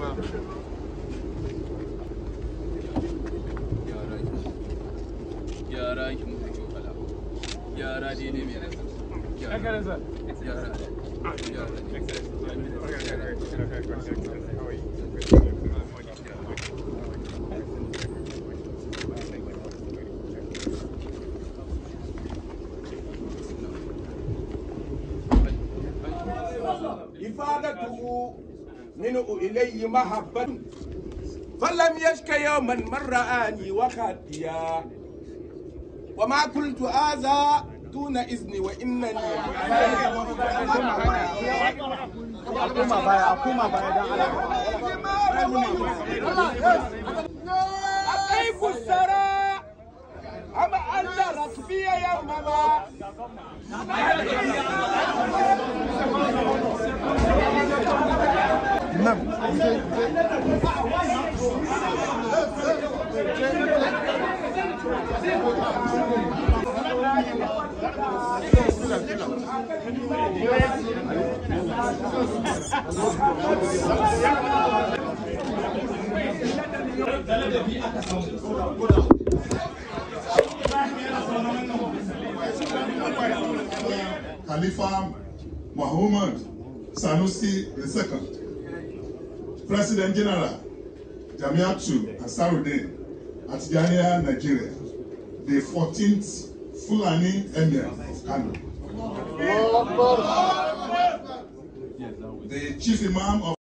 hakkı varmış. Ya Ray kim bu çok ala? Ya Ray diye mi yani? Ya Ray. Ya Ray. İfade tuğu منه إلي محبة فلم يشك يوما من رآني وخاتيا وما قلت هذا دون إذني وإنني أقيم السراء أما أنت رسبي يومما Bilmem. Khalifa Muhammad Sanusi II. president general jamiatu asarudin atijaniya nigeria the fourteenth fulani emir of kano. the chief imam of